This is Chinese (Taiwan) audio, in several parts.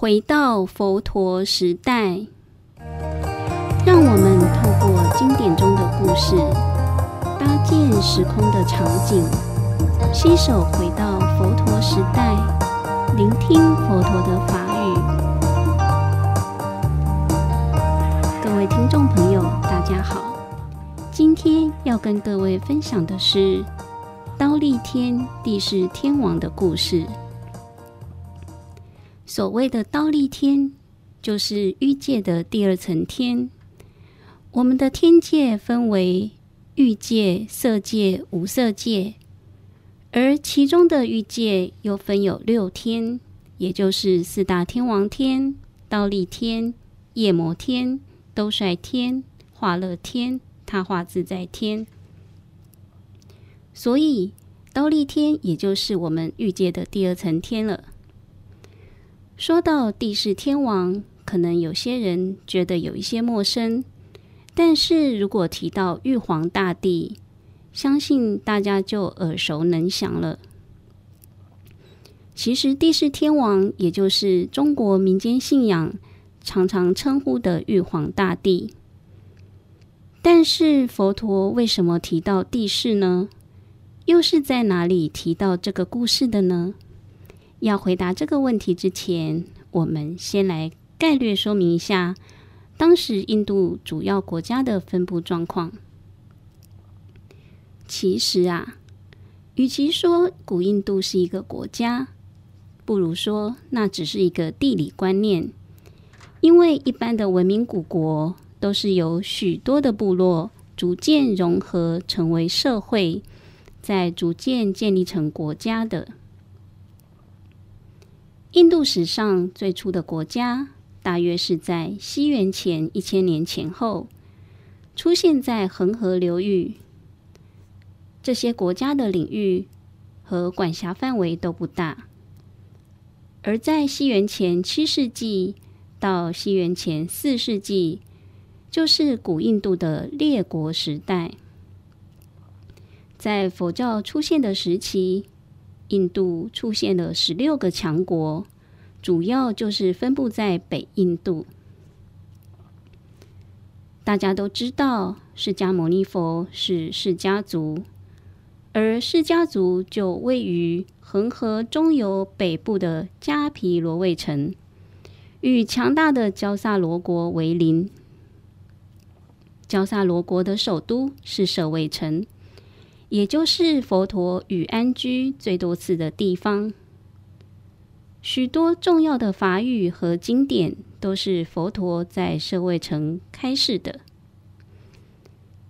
回到佛陀時代，讓我們透過經典中的故事，搭建時空的場景，攜手回到佛陀時代，聆聽佛陀的法語。各位聽眾朋友，大家好。今天要跟各位分享的是忉利天帝釋天王的故事。所謂的忉利天，就是欲界的第二層天。我們的天界分為欲界、色界、無色界，而其中的欲界又分有六天，也就是四大天王天、忉利天、夜摩天、兜率天、化樂天、他化自在天。所以，忉利天也就是我們欲界的第二層天了。說到帝釋天王，可能有些人覺得有一些陌生，但是如果提到玉皇大帝，相信大家就耳熟能詳了。其實帝釋天王也就是中國民間信仰常常稱呼的玉皇大帝，但是佛陀為什麼提到帝釋呢？又是在哪裡提到這個故事的呢？要回答這個問題之前，我們先來概略說明一下當時印度主要國家的分布狀況。其實啊，與其說古印度是一個國家，不如說那只是一個地理觀念，因為一般的文明古國都是由許多的部落逐漸融合成為社會，再逐漸建立成國家的。印度史上最初的國家，大約是在西元前一千年前後出現在恆河流域。這些國家的領域和管轄範圍都不大，而在西元前七世紀到西元前四世紀，就是古印度的列國時代。在佛教出現的時期。印度出現了十六個強國，主要就是分布在北印度。大家都知道，釋迦牟尼佛是釋迦族，而釋迦族就位於恆河中游北部的迦毗羅衛城，與強大的交薩羅國為鄰。交薩羅國的首都是舍衛城。也就是佛陀與安居最多次的地方，許多重要的法語和經典都是佛陀在舍衛城開示的。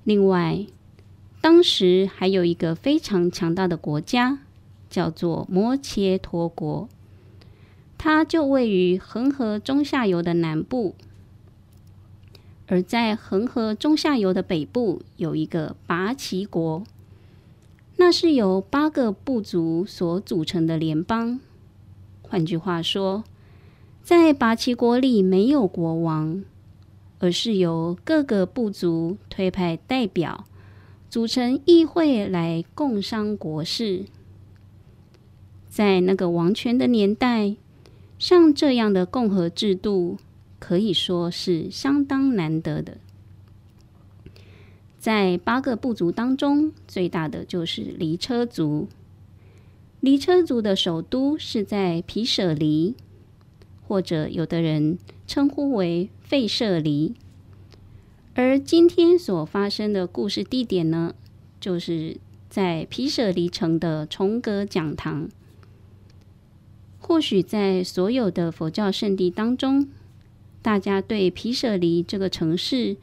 另外，當時還有一個非常強大的國家，叫做摩揭陀國，它就位於恆河中下游的南部；而在恆河中下游的北部，有一個跋耆國。那是由八個部族所組成的聯邦。換句話說，在跋耆國裡沒有國王，而是由各個部族推派代表組成議會來共商國事。在那個王權的年代，像這樣的共和制度可以說是相當難得的。在八個部族當中，最大的就是離車族。離車族的首都是在皮舍離，或者有的人稱呼為費舍離。而今天所發生的故事地點呢，就是在皮舍離城的重閣講堂。或許在所有的佛教聖地當中，大家對皮舍離這個城市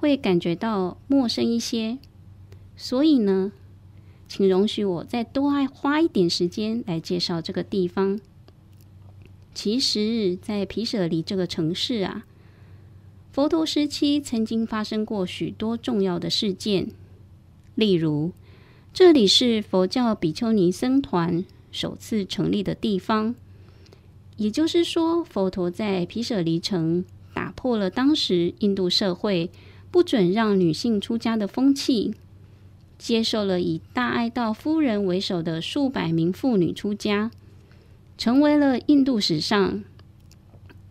會感覺到陌生一些，所以呢，請容許我再多花一點時間來介紹這個地方。其實，在毗舍離這個城市啊，佛陀時期曾經發生過許多重要的事件，例如，這裡是佛教比丘尼僧團首次成立的地方，也就是說，佛陀在毗舍離城打破了當時印度社會。不准讓女性出家的風氣，接受了以大愛道夫人為首的數百名婦女出家，成為了印度史上，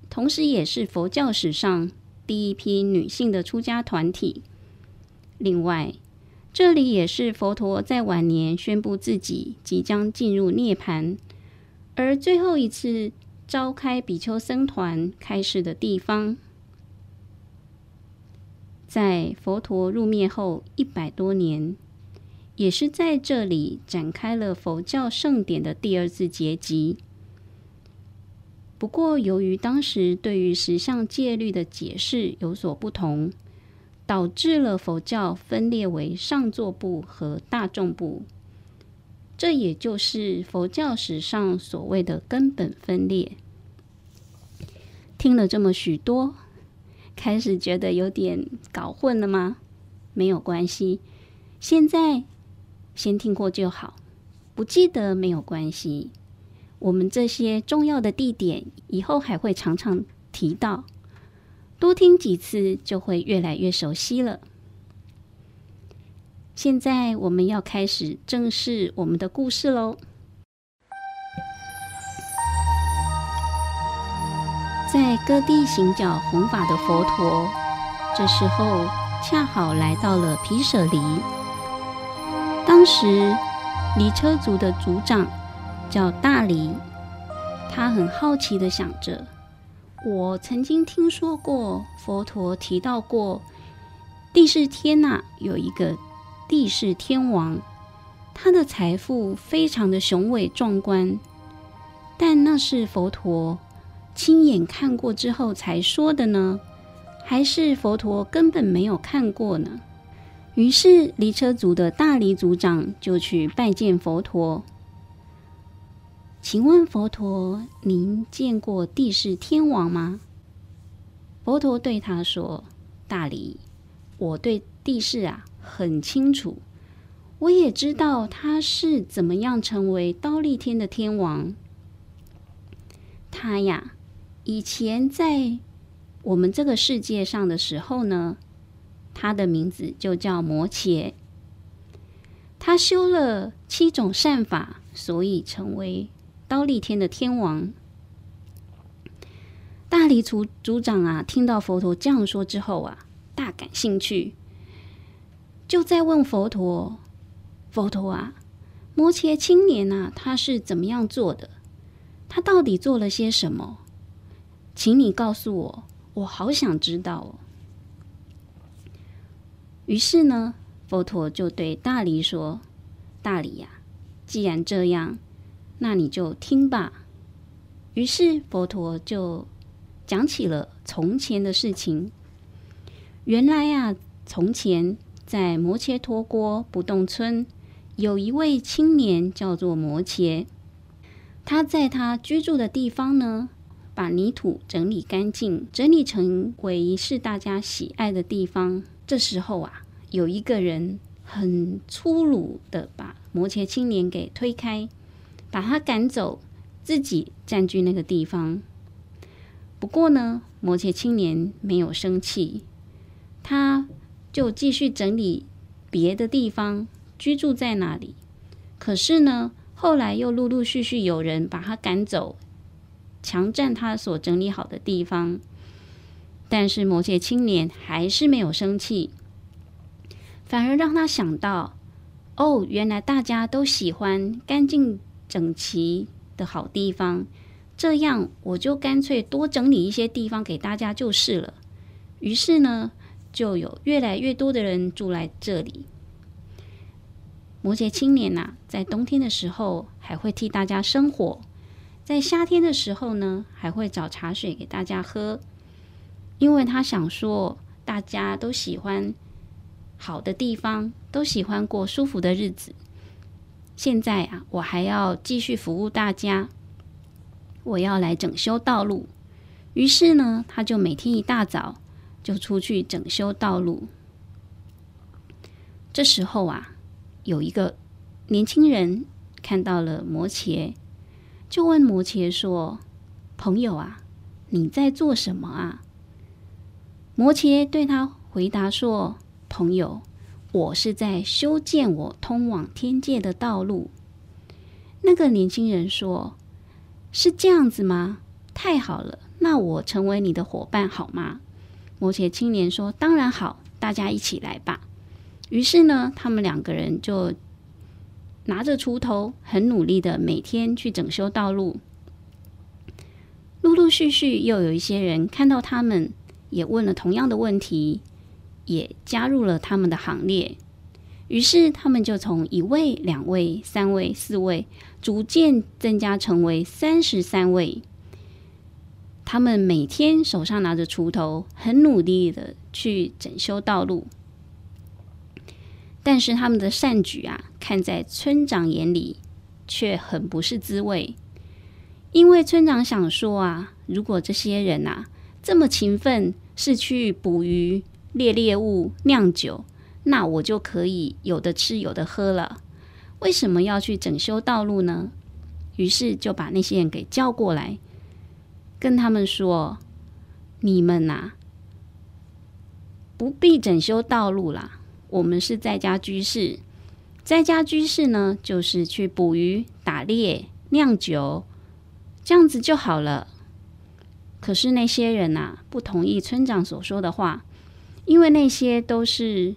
同時也是佛教史上第一批女性的出家團體。另外，這裡也是佛陀在晚年宣布自己即將進入涅槃，而最後一次召開比丘僧團開示的地方。在佛陀入滅後一百多年，也是在這裡展開了佛教聖典的第二次結集。不過，由於當時對於十相戒律的解釋有所不同，導致了佛教分裂為上座部和大眾部，這也就是佛教史上所謂的根本分裂。聽了這麼許多。開始覺得有點搞混了嗎？沒有關係，現在先聽過就好，不記得沒有關係。我們這些重要的地點以後還會常常提到，多聽幾次就會越來越熟悉了。現在我們要開始正視我們的故事嘍。在各地行腳弘法的佛陀，這時候恰好來到了毗舍離。當時，離車族的族長叫大離，他很好奇的想着：我曾經聽說過佛陀提到過，帝釋天吶、啊、有一個帝釋天王，他的財富非常的雄偉壯觀，但那是佛陀親眼看過之後才說的呢，還是佛陀根本沒有看過呢？於是離車族的大離族長就去拜見佛陀。請問佛陀，您見過帝釋天王嗎？佛陀對他說：“大離，我對帝釋啊很清楚，我也知道他是怎麼樣成為忉利天的天王。他呀。”以前在我們這個世界上的時候呢，他的名字就叫摩羯。他修了七種善法，所以成為忉利天的天王。大禮族族長啊，聽到佛陀這樣說之後啊，大感興趣，就在問佛陀：“佛陀啊，摩羯青年啊，他是怎麼樣做的？他到底做了些什麼？”請你告訴我，我好想知道哦。於是呢，佛陀就對大理說：“大理呀，既然這樣，那你就聽吧。”於是佛陀就講起了從前的事情。原來呀，從前在摩伽陀國不動村，有一位青年叫做摩伽。他在他居住的地方呢，把泥土整理乾淨，整理成為是大家喜愛的地方。這時候啊，有一個人很粗魯地把摩羯青年給推開，把他趕走，自己佔據那個地方。不過呢，摩羯青年沒有生氣，他就繼續整理別的地方，居住在那裡。可是呢，後來又陸陸續續有人把他趕走，強佔他所整理好的地方，但是摩羯青年還是沒有生氣，反而讓他想到：哦，原來大家都喜歡乾淨整齊的好地方。這樣，我就乾脆多整理一些地方給大家就是了。於是呢，就有越來越多的人住來這裡。摩羯青年吶、啊，在冬天的時候還會替大家生火。在夏天的時候呢，還會找茶水給大家喝，因為他想說，大家都喜歡好的地方，都喜歡過舒服的日子。現在啊，我還要繼續服務大家，我要來整修道路。於是呢，他就每天一大早就出去整修道路。這時候啊，有一個年輕人看到了摩羯。就問摩切說：“朋友啊，你在做什麼啊？”摩切對他回答說：“朋友，我是在修建我通往天界的道路。”那個年輕人說：“是這樣子嗎？太好了，那我成為你的夥伴好嗎？”摩切青年說：“當然好，大家一起來吧。”於是呢，他們兩個人就。拿着鋤頭，很努力的每天去整修道路。陸陸續續又有一些人看到他們，也問了同樣的問題，也加入了他們的行列。於是他們就從一位、兩位、三位、四位，逐漸增加成為三十三位。他們每天手上拿着鋤頭，很努力的去整修道路。但是他們的善舉啊，看在村長眼裡，卻很不是滋味。因為村長想說啊，如果這些人吶、啊、這麼勤奮，是去捕魚、獵獵物、釀酒，那我就可以有的吃有的喝了。為什麼要去整修道路呢？於是就把那些人給叫過來，跟他們說：“你們吶、啊，不必整修道路啦。”我們是在家居士，在家居士呢，就是去捕魚、打獵、釀酒，這樣子就好了。可是那些人吶、啊，不同意村長所說的話，因為那些都是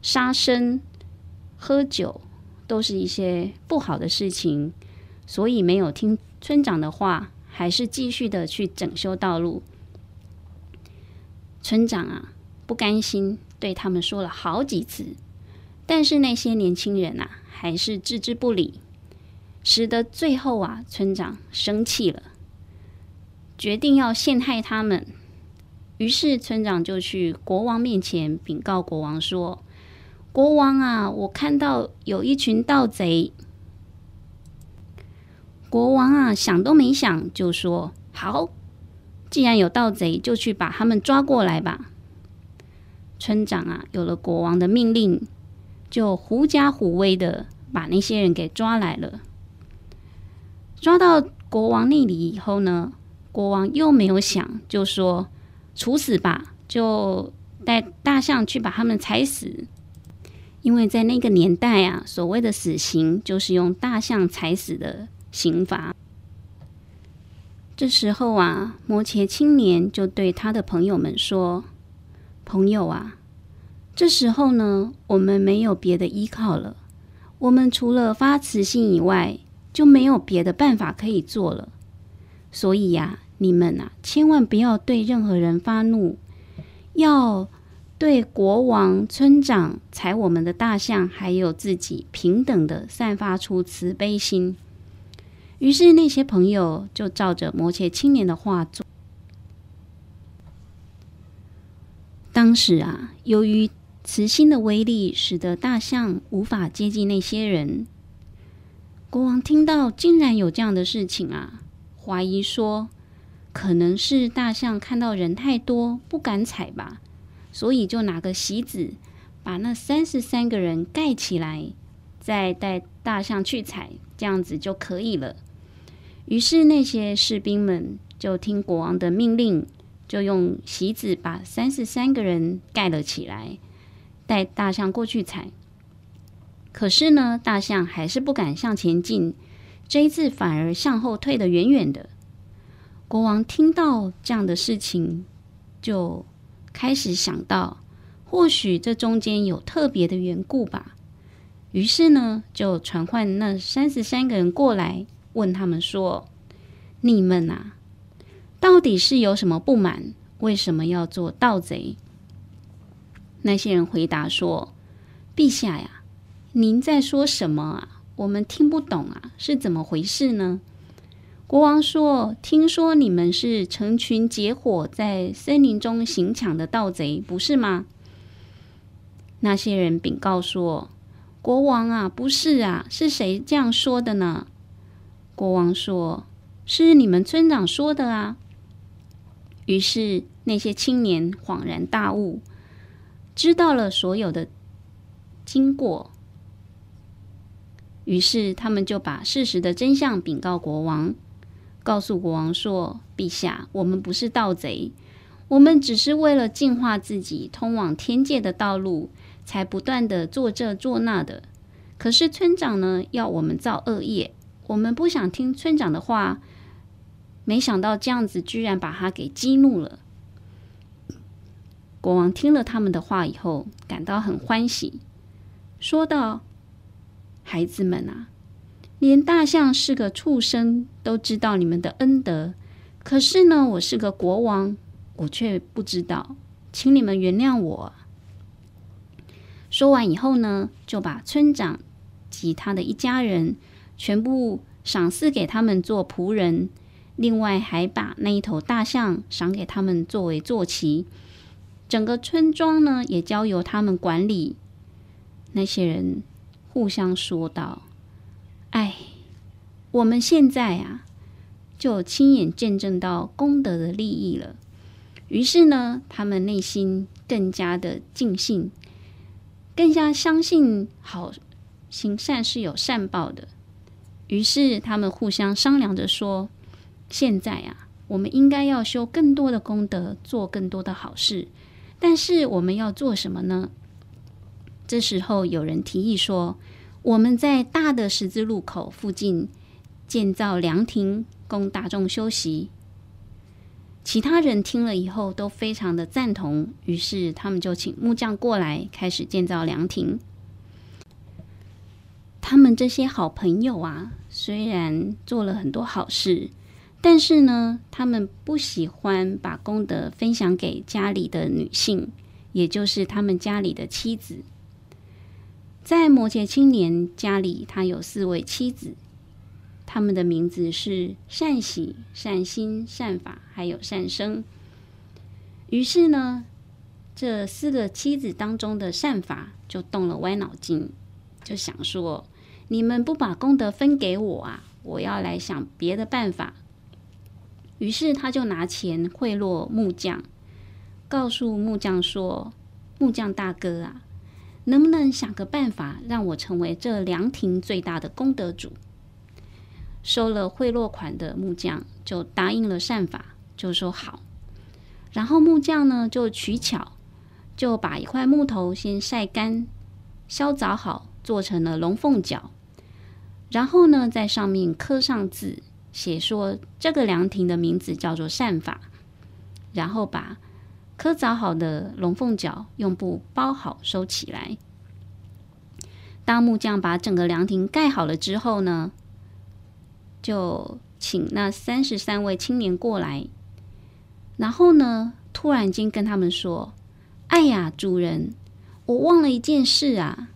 殺生、喝酒，都是一些不好的事情，所以沒有聽村長的話，還是繼續的去整修道路。村長啊，不甘心。對他們說了好幾次，但是那些年輕人吶，還是置之不理，使得最後啊，村長生氣了，決定要陷害他們。於是村長就去國王面前禀告國王說：“國王啊，我看到有一群盜賊。”國王啊，想都沒想就說：“好，既然有盜賊，就去把他們抓過來吧。”村長啊，有了國王的命令，就狐假虎威的把那些人給抓來了。抓到國王那裡以後呢，國王又沒有想，就說處死吧，就帶大象去把他們踩死。因為在那個年代啊，所謂的死刑就是用大象踩死的刑罰。這時候啊，摩羯青年就對他的朋友們說。朋友啊，這時候呢，我們沒有別的依靠了，我們除了發慈心以外，就沒有別的辦法可以做了。所以呀、啊，你們吶、啊，千萬不要對任何人發怒，要對國王、村長、踩我們的大象，還有自己平等地散發出慈悲心。於是那些朋友就照着摩羯青年的話做。當時啊，由於慈心的威力，使得大象無法接近那些人。國王聽到竟然有這樣的事情啊，懷疑說可能是大象看到人太多不敢踩吧，所以就拿個席子把那三十三個人蓋起來，再帶大象去踩，這樣子就可以了。於是那些士兵們就聽國王的命令。就用席子把三十三個人蓋了起來，帶大象過去踩。可是呢，大象還是不敢向前進，這一次反而向後退得遠遠的。國王聽到這樣的事情，就開始想到，或許這中間有特別的緣故吧。於是呢，就傳喚那三十三個人過來，問他們說：“你們啊。”到底是有什麼不滿？為什麼要做盜賊？那些人回答說：“陛下呀，您在說什麼啊？我們聽不懂啊，是怎麼回事呢？”國王說：“聽說你們是成群結夥在森林中行搶的盜賊，不是嗎？”那些人稟告說：“國王啊，不是啊，是誰這樣說的呢？”國王說：“是你們村長說的啊。”於是，那些青年恍然大悟，知道了所有的經過。於是，他們就把事實的真相稟告國王，告訴國王說：“陛下，我們不是盜賊，我們只是為了淨化自己，通往天界的道路，才不斷地做這做那的。可是村長呢，要我們造惡業，我們不想聽村長的話。”沒想到這樣子居然把他給激怒了。國王聽了他們的話以後，感到很歡喜，說道：“孩子們啊，連大象是個畜生都知道你們的恩德，可是呢，我是個國王，我卻不知道，請你們原諒我。”說完以後呢，就把村長及他的一家人全部賞賜給他們做僕人。另外還把那一頭大象賞給他們作為坐騎，整個村莊呢也交由他們管理。那些人互相說道：“哎，我們現在啊，就親眼見證到功德的利益了。”於是呢，他們內心更加的淨信，更加相信好行善是有善報的。於是他們互相商量着說。現在啊，我們應該要修更多的功德，做更多的好事。但是我們要做什麼呢？這時候有人提議說，我們在大的十字路口附近建造涼亭，供大眾休息。其他人聽了以後都非常的贊同，於是他們就請木匠過來，開始建造涼亭。他們這些好朋友啊，雖然做了很多好事，但是呢，他們不喜歡把功德分享給家裡的女性，也就是他們家裡的妻子。在摩羯青年家裡，他有四位妻子，他們的名字是善喜、善心、善法，還有善生。於是呢，這四個妻子當中的善法就動了歪腦筋，就想說：你們不把功德分給我啊，我要來想別的辦法。於是他就拿錢賄賂木匠，告訴木匠說：“木匠大哥啊，能不能想個辦法讓我成為這涼亭最大的功德主？”收了賄賂款的木匠就答應了善法，就說：“好。”然後木匠呢就取巧，就把一塊木頭先曬乾、削鑿好，做成了龍鳳角，然後呢在上面刻上字。寫說這個涼亭的名字叫做善法，然後把刻鑿好的龍鳳角用布包好收起來。當木匠把整個涼亭蓋好了之後呢，就請那三十三位青年過來，然後呢，突然間跟他們說：“哎呀，主人，我忘了一件事啊！”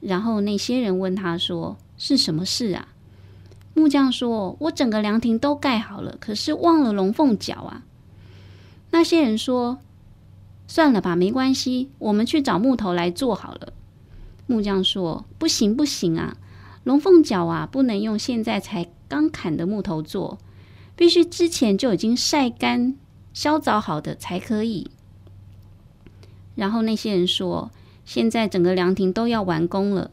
然後那些人問他說：“是什麼事啊？”木匠說：“我整個涼亭都蓋好了，可是忘了龍鳳角啊。”那些人說：“算了吧，沒關係，我們去找木頭來做好了。”木匠說：“不行不行啊，龍鳳角啊不能用現在才剛砍的木頭做，必須之前就已經曬乾、削鑿好的才可以。”然後那些人說：“現在整個涼亭都要完工了，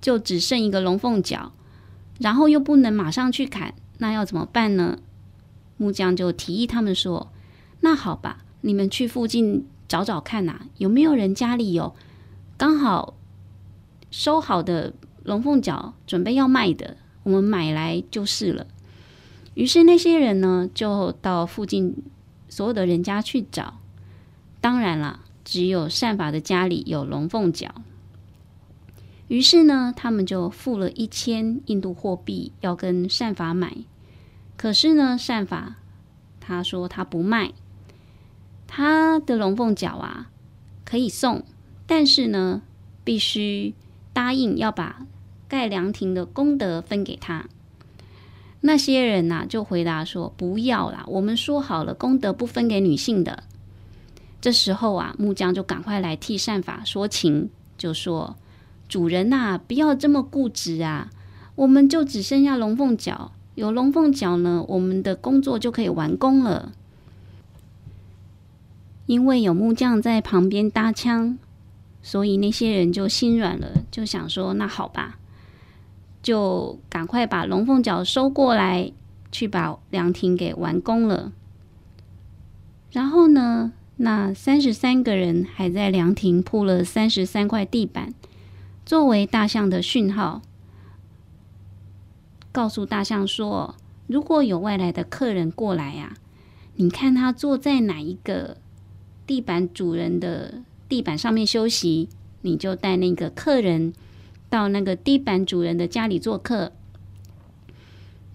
就只剩一個龍鳳角。”然後又不能馬上去砍，那要怎麼辦呢？木匠就提議他們說：“那好吧，你們去附近找找看吶，啊，有沒有人家裡有剛好收好的龍鳳角，準備要賣的，我們買來就是了。”於是那些人呢，就到附近所有的人家去找。當然啦，只有善法的家裡有龍鳳角。於是呢，他們就付了一千印度貨幣要跟善法買。可是呢，善法他說他不賣，他的龍鳳角啊可以送，但是呢必須答應要把蓋涼亭的功德分給他。那些人呢、啊、就回答說不要啦，我們說好了功德不分給女性的。這時候啊，木匠就趕快來替善法說情，就說。主人吶、啊，不要這麼固執啊！我們就只剩下龍鳳角，有龍鳳角呢，我們的工作就可以完工了。因為有木匠在旁邊搭腔，所以那些人就心軟了，就想說：“那好吧，就趕快把龍鳳角收過來，去把涼亭給完工了。”然後呢，那三十三個人還在涼亭鋪，鋪了三十三塊地板。作為大象的訊號，告訴大象說：如果有外來的客人過來呀，你看他坐在哪一個地板主人的地板上面休息，你就帶那個客人到那個地板主人的家裡做客。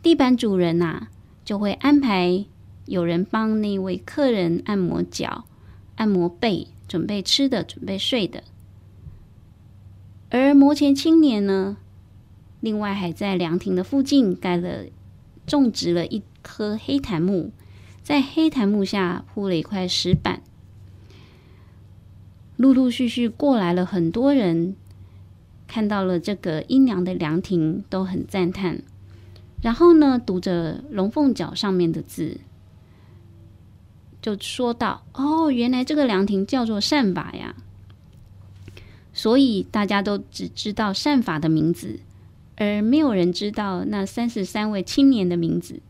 地板主人吶，就會安排有人幫那位客人按摩腳、按摩背，準備吃的，準備睡的。而摩前青年呢，另外還在涼亭的附近蓋了，種植了一棵黑檀木，在黑檀木下鋪了一塊石板。陸陸續續過來了很多人，看到了這個陰涼的涼亭，都很讚嘆。然後呢，讀着龍鳳角上面的字，就說道：“哦，原來這個涼亭叫做善法呀。”所以大家都只知道善法的名字，而沒有人知道那三十三位青年的名字。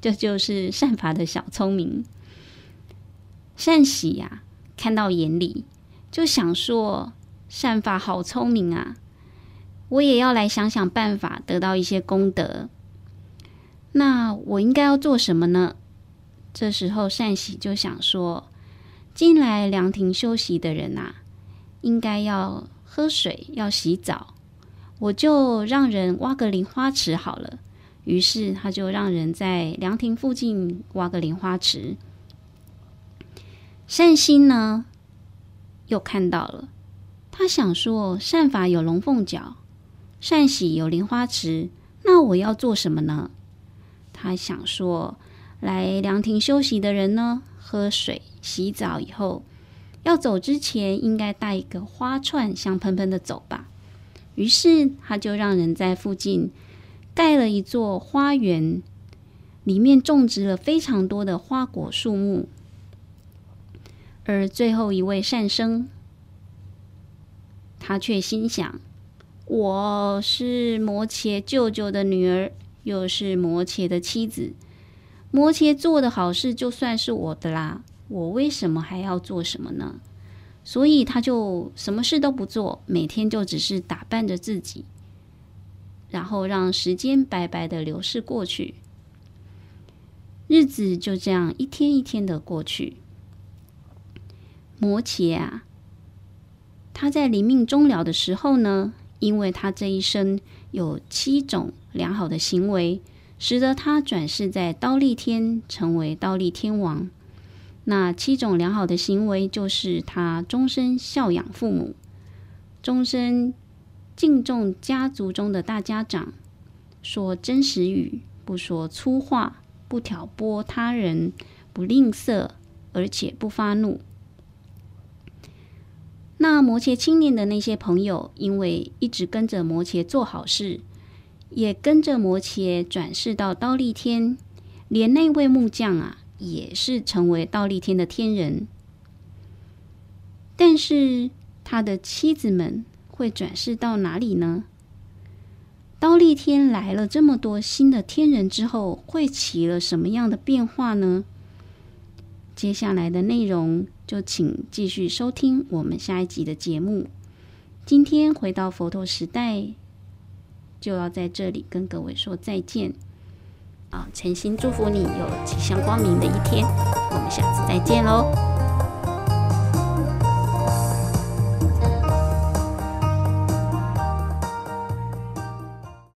這就，就是善法的小聰明。善喜呀、啊，看到眼裡就想說：“善法好聰明啊！我也要來想想辦法，得到一些功德。那我應該要做什麼呢？”這時候善喜就想說：“進來涼亭休息的人吶、啊，應該要。”喝水要洗澡，我就讓人挖個蓮花池好了。於是他就讓人在涼亭附近挖個蓮花池。善心呢，又看到了，他想說：善法有龍鳳角，善喜有蓮花池，那我要做什麼呢？他想說：來涼亭休息的人呢，喝水洗澡以後。要走之前，應該帶一個花串，香噴噴的走吧。於是他就讓人在附近蓋了一座花園，裡面種植了非常多的花果樹木。而最後一位善生，他卻心想：我是摩切舅舅的女兒，又是摩切的妻子，摩切做的好事就算是我的啦。我為什麼還要做什麼呢？所以他就什麼事都不做，每天就只是打扮着自己，然後讓時間白白的流逝過去。日子就這樣一天一天的過去。摩羯啊，他在臨命終了的時候呢，因為他這一生有七種良好的行為，使得他轉世在忉利天，成為忉利天王。那七種良好的行為，就是他終身孝養父母、終身敬重家族中的大家長、說真實語、不說粗話、不挑撥他人、不吝嗇，而且不發怒。那摩切青年的那些朋友，因為一直跟着摩切做好事，也跟着摩切轉世到忉利天，連那位木匠啊。也是成為忉利天的天人，但是他的妻子們會轉世到哪裡呢？忉利天來了這麼多新的天人之後，會起了什麼樣的變化呢？接下來的內容就請繼續收聽我們下一集的節目。今天回到佛陀時代，就要在這裡跟各位說再見。啊，誠心祝福你有吉祥光明的一天，我們下次再見嘍。